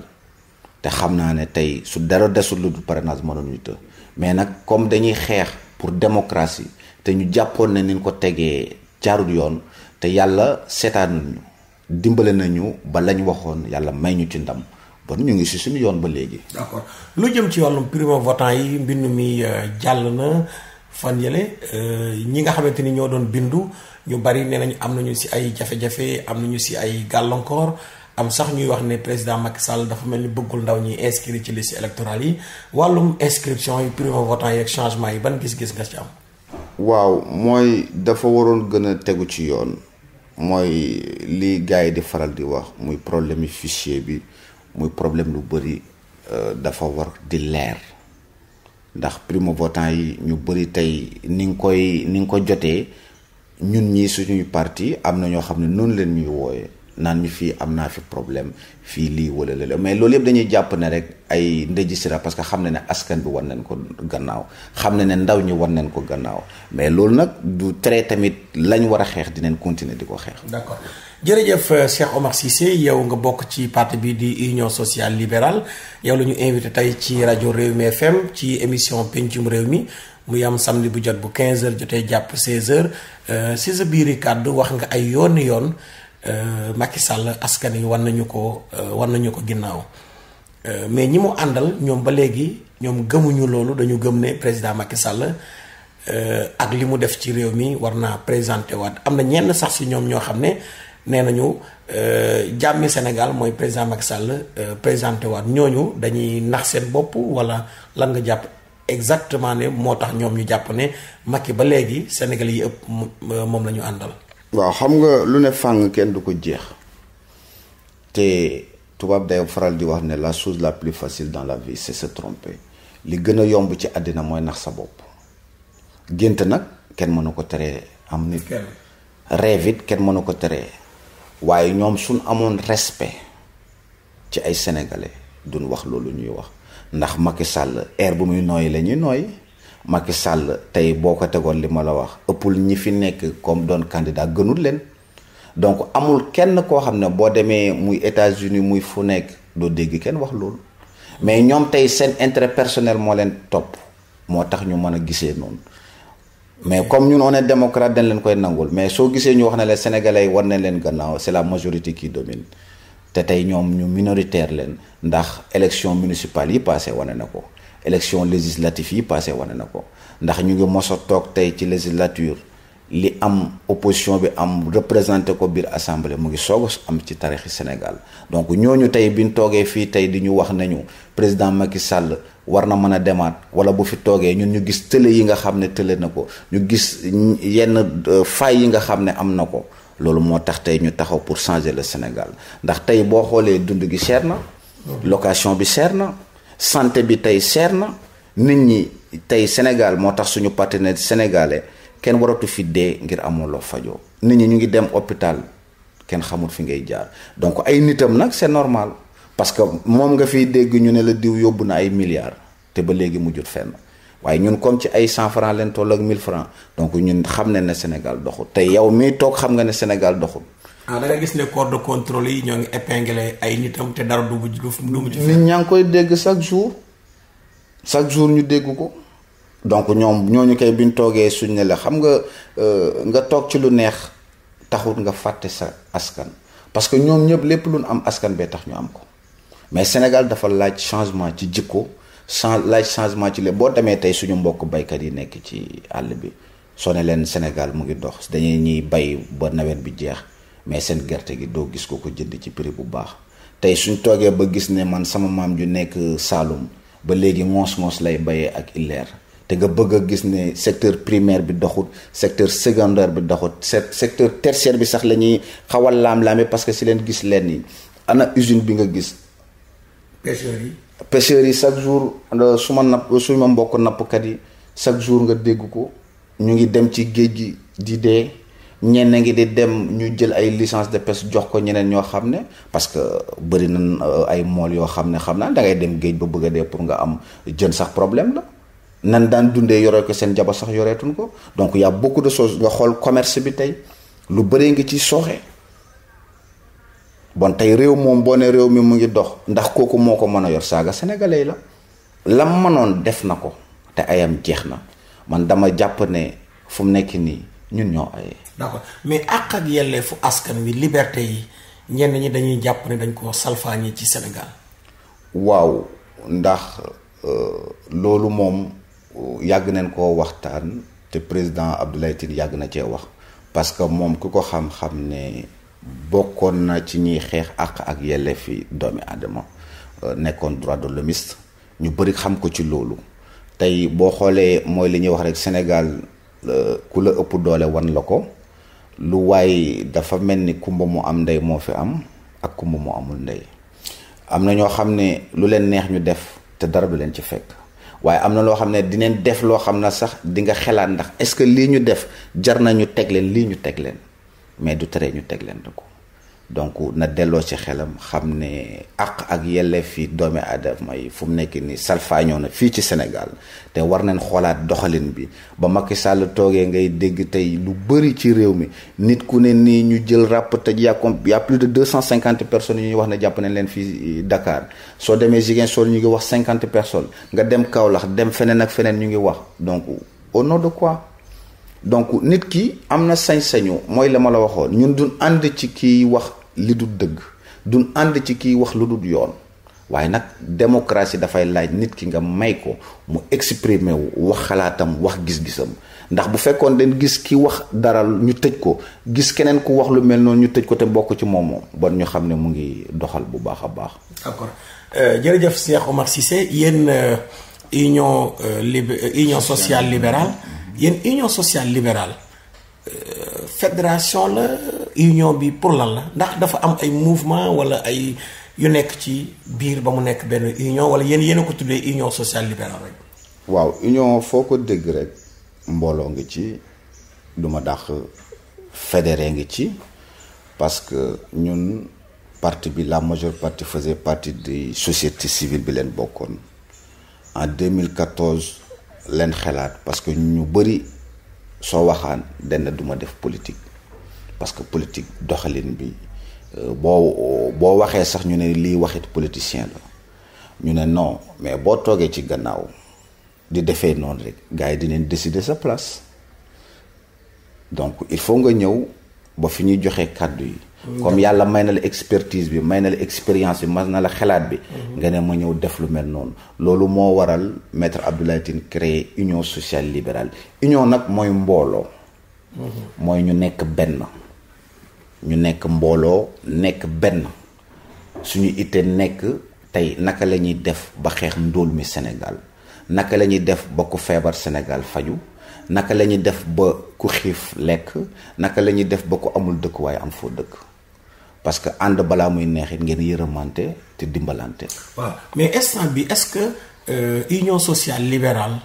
te xam naa ne tey su dara desul lu dul parrainage mënuñu të mais nag comme dañuy xeex pour démocratie te ñu jàppoon ne niñ ko tegee jaarul yoon te yàlla seetaanul ñu dimbale nañu ba lañ waxoon yàlla may ñu ci ndam bon ñu ngi si suñu yoon ba léegi. d'accord lu jëm ci wàllum primo votant yi mbind mi euh, jàll na fan yële euh, ñi nga xamante ni ñoo doon bindu ñu bari ne nañu am nañu si ay jafe-jafe am nañu si ay gàllankoor. am sax ñuy wax ne président Macky Sall dafa mel ni bëggul ndaw ñi inscrit ci liste électorale yi wàllum inscription yi primo votant yeeg changement yi ban gis-gis nga ci am. waaw mooy dafa waroon gën a tegu ci yoon mooy lii gars yi di faral di wax muy problème yi fichier bi muy problème lu bëri euh, dafa war di leer ndax primo votant yi ñu bëri tey ni nga koy ni nga ko jotee ñun ñii suñuy parti am na ñoo xam ne noonu leen ñuy wooye naan ñu fii am naa fi problème fii lii wala lële mais loolu yëpp dañuy jàpp ne rek ay ndëji sira parce que xam ne ne askan bi war nañ ko gannaaw xam na ne ndaw ñi war nañ ko gannaaw mais loolu nag du tere tamit lañ war a xeex di dinañ continuer di ko xeex. d'accord jërëjëf euh, Cheikh Omar Cissé yow nga bokk ci parti bi di Union sociale libérale yow la ñu invité tey ci rajo Rewmi FM ci émission pencum réew mi. mu yam samedi bu jot bu 15h jotee jàpp 16h euh, si sa biiri kàddu wax nga ay yoon yoon Euh, Macky Sall askan yi war nañu ko euh, war nañu ko ginnaaw euh, mais ñi mu àndal ñoom ba léegi ñoom gëmuñu loolu dañu gëm ne président Macky Sall ak li mu def ci réew mi war naa présenté waat am na ñenn sax si ñoom ñoo xam ne nee nañu jàmmi Sénégal mooy président Macky Sall présenté waat ñooñu dañuy nax seen bopp wala lan nga jàpp exactement ne moo tax ñoom ñu jàpp ne Macky ba léegi Sénégal yi ëpp moom la ñu àndal. waaw xam nga lu ne fàng kenn du ko jeex te tubaab day faral di wax ne la chose la plus facile dans la vie c'est sa tromper li gën a yomb ci àddina mooy nax sa bopp gént nag kenn mënu ko teree am nit revit it kenn mënu ko teree waaye ñoom suñ amoon respect ci ay sénégalais duñ wax loolu ñuy wax ndax Macky Sall air bu muy nooyi la ñuy nooyi Macky Sall tey boo ko tegoon li ma la wax ëppul ñi fi nekk comme doon candidat gënul leen donc amul kenn koo xam ne boo demee muy États-Unis muy fu nekk doo dégg kenn wax loolu mais ñoom tey seen intérêt personnel moo leen topp moo tax ñu mën a gisee noonu mais comme ñun on est démocrate dañ leen koy nangul mais soo gisee ñu wax na leen sénégalais yi war na leen gannaaw c'est la majorité qui domine te tey ñoom ñu minoritaire leen ndax élection municipale yi passé wane na ko élection législative yi passé wane na ko ndax ñu ngi mosoo toog tey ci législature li am opposition bi am représenté ko biir assemblée mu ngi soog am ci tarixi Sénégal donc ñooñu tey bi ñu toogee fii tey di ñu wax nañu président Macky Sall war na mën a demaat wala bu fi toogee ñun ñu gis tële yi nga xam ne tële na ko ñu gis yenn euh, fay yi nga xam ne am na ko loolu moo tax tey ñu taxaw pour changer le Sénégal ndax tey boo xoolee dund gi cher na location bi cher na santé bi tey seer na nit ñi tey Sénégal moo tax suñu partenaire sénégalais kenn waratu fi dee ngir amuloo loo fajoo nit ñi ñu ngi dem hôpital kenn xamul fi ngay jaar donc ay nitam nag c'est normal parce que moom nga fi dégg ñu ne la diw yóbbu na ay milliards te ba léegi mujjut fenn. waaye ñun comme ci ay cent franc leen toll ak mille franc donc ñun xam ne ne Sénégal doxul te yow mii toog xam nga ne Sénégal doxul. ah da nga gis ne corps de contrôle yi ñoo ngi épinglé ay nitam te dara du du du. nit ñaa ngi koy dégg chaque jour chaque jour ñu dégg ko. donc ñoom ñooñu kay bi ñu toogee suñ ne la xam nga euh, nga toog ci lu neex taxut nga fàtte sa askan. parce que ñoom ñëpp lépp lu ñu am askan bee tax ñu am ko mais Sénégal dafa laaj changement ci jikko. change laaj changement ci lépp boo demee tey suñu mbokk baykat yi nekk ci àll bi soo ne leen Sénégal mu ngi dox dañuy ñuy bay ba nawet bi jeex mais seen gerte gi doo gis ko ko jënd ci prix bu baax tey suñ toogee ba gis ne man sama maam ju nekk Saloum ba léegi ngoos-ngoos lay bayee ak illeer te nga bëgg a gis ne secteur primaire bi doxut secteur secondaire bi doxut secteur tertiaire bi sax la ñuy xawal laam-laame parce que si leen gis leen ni ana usine bi nga gis pêcheurs pêcheurs yi chaque jour su ma napp su ma mbokk nappkat yi chaque jour nga dégg ko ñu ngi dem ci géej gi di dee ñenn ngi di dem ñu jël ay licence de pêche jox ko ñeneen ñoo xam ne parce que bëri nañ euh, ay mool yoo xam ne xam naa da ngay dem géej ba bëgg a dee pour nga am jën sax problème la nan daan dundee yore seen jabar sax yoreetuñ ko donc y a beaucoup de choses nga xool commerce bi tey lu bëree ngi ci sooxee bon tey réew moom boo réew mi mu ngi dox ndax kooku moo ko mën a yor saaga sénégalais la lam manoon def na ko te ayam jeex na man dama jàpp ne fu nekk nii ñun ñoo ayee mais àq ak fu askan wi liberté yi ñenn ñi dañuy jàpp ne dañ ko salfaañi ci senegal waaw ndax euh, loolu moom yàgg nañ koo waxtaan te président Abdoulaye yàgg na cee wax parce que moom ku ko xam-xam ne bokkoon na ci ñuy xeex àq ak yelleefi doomi aadama euh, nekkoon droit de l'hommiste ñu bëri xam ko ci loolu tey boo xoolee mooy li ñuy wax rek Sénégal euh, ku la ëpp doole wan la ko lu waaye dafa mel ni kumba mu am ndey moo fi am ak kumba mu amul ndey am na ñoo xam ne lu leen neex ñu def te dara du leen ci fekk waaye am na loo xam ne dineen def loo xam na sax di nga xelaat ndax est-ce que lii ñu def jar nañu teg leen lii ñu teg leen mais du tere ñu teg leen ko donc na delloo ci xelam xam ne àq ak yelleef yi doomi aadama yi fu mu nekk nii salfaañoo na fii ci Sénégal te war nañ xoolaat doxalin bi ba Macky Sall toogee ngay dégg tey lu bëri ci réew mi nit ku ne nii ñu jël ràpp tëj yaa com y' a plus de deux cent cinquante personnes yu ñuy wax ne jàpp nañ leen fii euh, Dakar soo demee Ziguinchor ñu ngi wax cinquante personnes nga dem Kaolack dem feneen ak feneen ñu ngi wax donc au nom donc nit ki am na sañ-sañu mooy la ma la waxoon ñun duñ ànd ci kiy wax li du dëgg du ànd ci kiy wax lu dul yoon waaye nag démocratie dafay laaj nit ki nga may ko mu exprimer wu wax xalaatam wax gis-gisam ndax bu fekkoon den gis ki wax dara ñu tëj ko gis keneen ku wax lu mel noonu ñu tëj ko te bokk ci moom moom bon ñu xam ne mu ngi doxal bu baax a baax. d'accord euh, jërëjëf Cheikh Omar Cissé yéen euh, union euh, lib union sociale libérale. yéen union sociale libérale euh, fédération la union bi pour lan la ndax dafa am ay mouvement wala ay yu nekk ci biir ba mu nekk benn union wala yéen yéen a ko tuddee union sociale libérale rek. waaw union foo ko dégg rek mbooloo ngi ci lu ma dàq fédéré ngi ci parce que ñun parti bi la majeure partie faisait partie de société civile bi leen bokkoon en 2014. leen xalaat parce que ñu bëri soo waxaan denn duma def politique parce que politique doxalin bi euh, boo boo waxee sax ñu ne lii waxit politicien la ñu ne non mais boo toogee ci gannaaw di defee noonu rek gars yi dinañ décider sa place donc il faut nga ñëw ba fi ñuy joxee kàddu yi comme yàlla may na la expertise bi may na la expérience bi mas na la xalaat bi nga ne ma ñëw def lu mel noonu loolu moo waral maître Abdoulaye Tine union sociale libérale union nag mooy mbooloo mooy ñu nekk benn ñu nekk mbooloo nekk benn suñu ite nekk tey naka la ñuy def ba xeex ndóol mi Sénégal naka lañuy def ba ku feebar Sénégal faju naka la ñuy def ba ku xiif lekk naka la ñuy def ba ku amul dëkk waaye am foo dëkk parce que ànd balaa muy neexit ngeen yërëmante te dimbalante. waaw mais instant bi est-ce que euh, union sociale libérale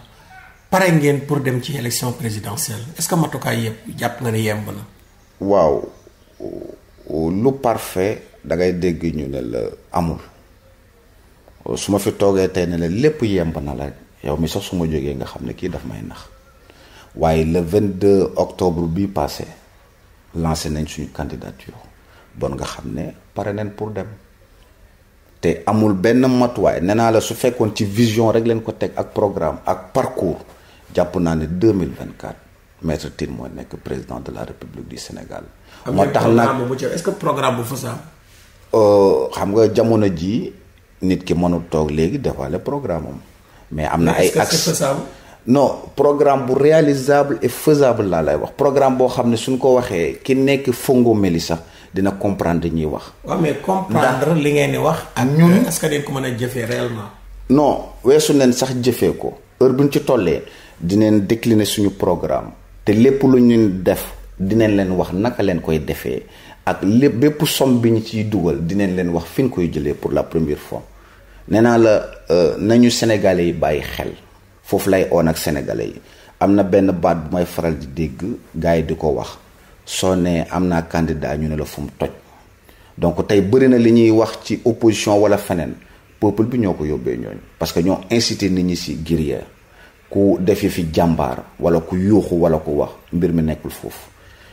pare ngeen pour dem ci élection présidentielle est-ce que matukaay yëpp jàpp nga ne yemb na. waaw lu parfait da dégg ñu ne la amul su ma fi toogee tey ne la lépp yemb na la yow mi sax su ma jógee nga xam ne kii daf may nax waaye le 22 octobre bi passé lancé nañ suñu candidature. bon nga xam ne pare neen pour dem te amul benn matuwaay nee naa la su fekkoon ci vision rek leen ko teg ak programme ak parcours jàpp naa ne mais maître Tine mooy nekk président de la du Sénégal. moo tax nag est-ce que programme bu fas euh, xam nga jamono ji nit ki mënul toog léegi dévoiler programme am. mais am na ay axes no programme bu réalisable et faisable laa lay wax programme boo xam ne suñ ko waxee ki nekk Fongo Meli sax. dina comprendre ñuy wax. waaw mais comprendre li ngeen di wax. ak ñun est-ce que dañ ko non weesu neen sax jëfee ko heure bu ci tollee dinañ décliner suñu programme te lépp lu ñu def dinañ leen wax naka leen koy defee ak lépp bépp somme bi ñu ciy dugal dinañ leen wax fi ñu koy jëlee pour la première fois nee naa la euh, nañu sénégalais yi bàyyi xel foofu lay oon ak sénégalais yi am na benn baat bu may faral di dégg gars yi di ko wax. soo nee am naa candidat ñu ne la fu mu toj donc tey bëri na li ñuy wax ci opposition wala feneen peuple bi ñoo ko yóbbee ñooñu parce que ñoo insité nit ñi si guerrière ku defi fi jàmbaar wala ku yuuxu wala ku wax mbir mi nekkul foofu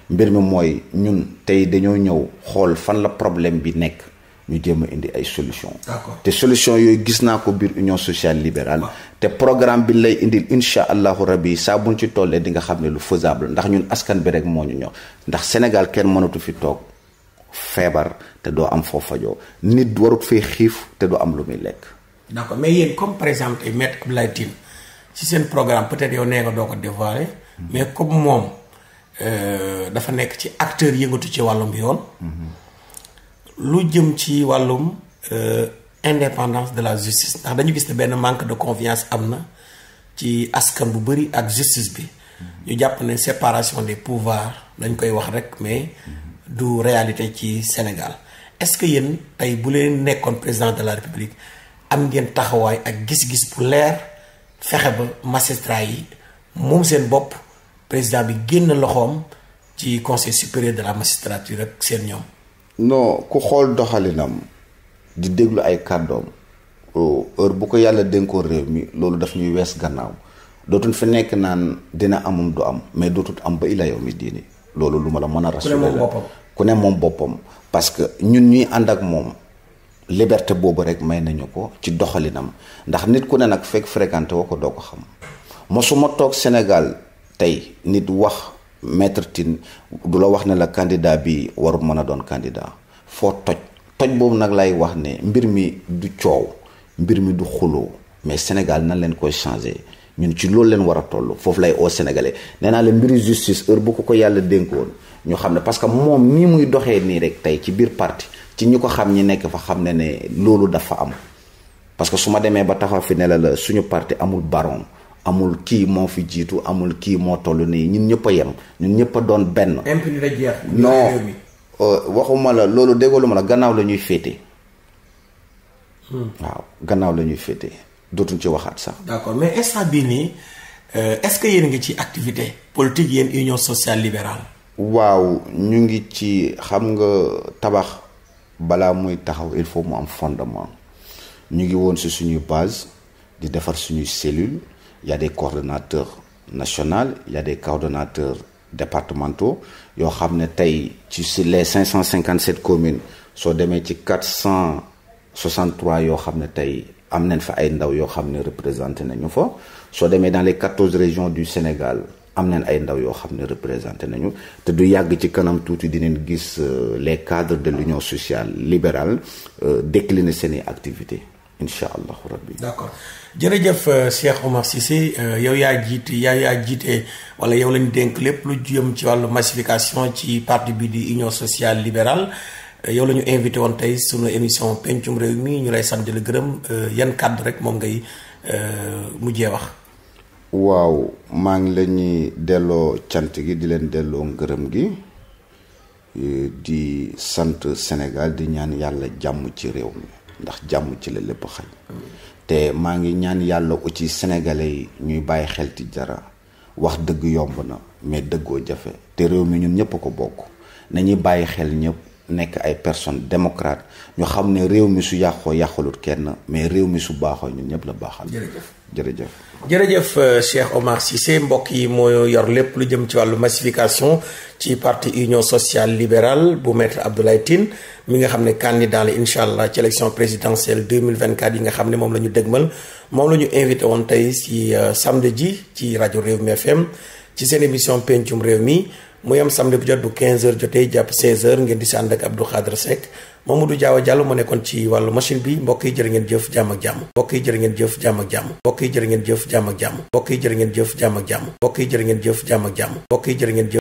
mbir mi mooy ñun tey dañoo ñëw xool fan la problème bi nekk ñu jéem a indi ay solution te solution yooyu gis naa ko biir union sociale libérale te programme bi lay indi incha allahu rabbi saa buñ ci tollee di nga xam ne lu faisable ndax ñun askan bi rek moo ñu ñor ndax Sénégal kenn mënatu fi toog feebar te doo am foo fajoo nit warut fee xiif te doo am lu muy lekk d'accord mais yéen comme par exemple tey maître Abdoulaye Tine ci seen programme peut-être yow nee nga doo ko dévoiler mais comme moom euh, dafa nekk ci acteur yëngatu ci wàllum yoon mm-hmm. lu jëm ci wàllum euh, indépendance de la justice ndax dañu gis ne benn manque de confiance am na ci askan bu bëri ak justice bi ñu jàpp ne séparation des pouvoirs dañ koy wax rek mais du réalité ci Sénégal est-ce que yéen tey bu leen nekkoon président de la République am ngeen taxawaay ak gis-gis bu leer fexe ba magistrat yi moom seen bopp président bi génn loxoom ci conseil supérieur de la magistrature ak seen ñoom non ku xool doxalinam di déglu ay kàddoom oh, heure bu ko yàlla dénkoon réew mi loolu daf ñuy wees gannaaw dootuñ fi nekk naan dina amum du am mais dootut am ba illa yow mi diini loolu lu ma la mën a rassuré la ku ne moom boppam parce que ñun ñuy ànd ak moom liberté boobu rek may nañu ko ci doxalinam ndax nit ku ne nag fekk fréquenté woo ko doo ko xam mosuma toog Sénégal tey nit wax metre Tine du la wax ne la candidat bi warul mën a doon candidat foo toj toj boobu nag lay wax ne mbir mi du coow mbir mi du xuloo mais Sénégal nan leen koy changé ñun ci loolu leen war a toll foofu lay oo sénégalais nee naa la mbiru justice heure bu ko ko yàlla dénkoon ñu xam ne parce que moom nii muy doxee nii rek tey ci biir parti ci ñu ko xam ñi nekk fa xam ne ne loolu dafa am parce que su ma demee ba taxaw fi ne la la suñu parti amul baron amul kii moo fi jiitu amul kii moo toll nii ñun ñëpp a yem ñun ñëpp doon benn. impunité euh, waxuma la loolu déggoolu ma la gannaaw la ñuy féete. Hmm. waaw gannaaw lañuy féete dootuñ ci waxaat sax. d'accord mais instant bii nii euh, est-ce que yéen ngi ci activité politique yéen union sociale libérale. waaw ñu ngi ci xam nga tabax balaa muy taxaw il faut mu am fondement ñu ngi woon si suñuy base di defar suñuy cellule il y a des coordonnateurs nationaux il y départementaux yoo xam ne tey ci sur les 557 communes soo demee ci 463 yoo xam ne tey am nañ fa ay ndaw yoo xam ne représenté nañu fa soo demee dans les 14 régions du Sénégal am nañ ay ndaw yoo xam ne représenté nañu te du yàgg ci kanam tuuti dinañ gis euh, les cadres de l'union sociale libérale euh, décliner seeni activités incha allahu rabbi d'accord jërëjëf euh, Cheikh Omar Cissé euh, yow yaa jiit yaa yaa jiite wala yow lañu dénk lépp lu jëm ci wàllu massification ci parti bi di union sociale libérale euh, yow la ñu invité woon tey suñu émission pencum réew mi ñu lay sant di gërëm yan kàddu rek moom ngay mujjee wax. waaw maa ngi leen ñuy delloo cant gi di leen delloo ngërëm gi di sant Sénégal di ñaan yàlla jàmm ci réew mi. ndax jàmm ci la lépp xaj te maa ngi ñaan yàlla aussi sénégalais yi ñuy bàyyi xel ci dara wax dëgg yomb na mais dëggoo jafe te réew mi ñun ñëpp a ko bokk nañuy bàyyi xel ñëpp nekk ay personnes démocrates ñu xam ne réew mi su yàqoo yàqalut kenn mais réew mi su baaxoo ñun ñëpp la baaxal. jërëjëf. jërëjëf jërëjëf euh, Cheikh Omar Cissé mbokk yi mooy yor lépp lu jëm ci wàllu massification ci parti union sociale libérale bu maître Abdoulaye Tine mi nga xam ne candidat la incha allah ci élection présidentielle 2024 yi nga xam ne moom la ñu dëgmal moom la ñu invité woon tey si euh, samedi ji ci rajo réew mi FM ci seen émission pencum réew mi muy am samedi bu jot bu 15h jotee jàpp 16h ngeen di si ànd ak Abdou Khadre Seck Mamadou Diawa Diallo moo kon ci wàllu machine bi mbokk yi jërë jëf jàmm ak jàmm mbokk yi jërë jëf jàmm ak jàmm mbokk yi jërë jëf jàmm ak jàmm mbokk yi jërë ngeen jëf jàmm ak jàmm mbokk yi jëf jàmm jàmm mbokk jërë ngeen jëf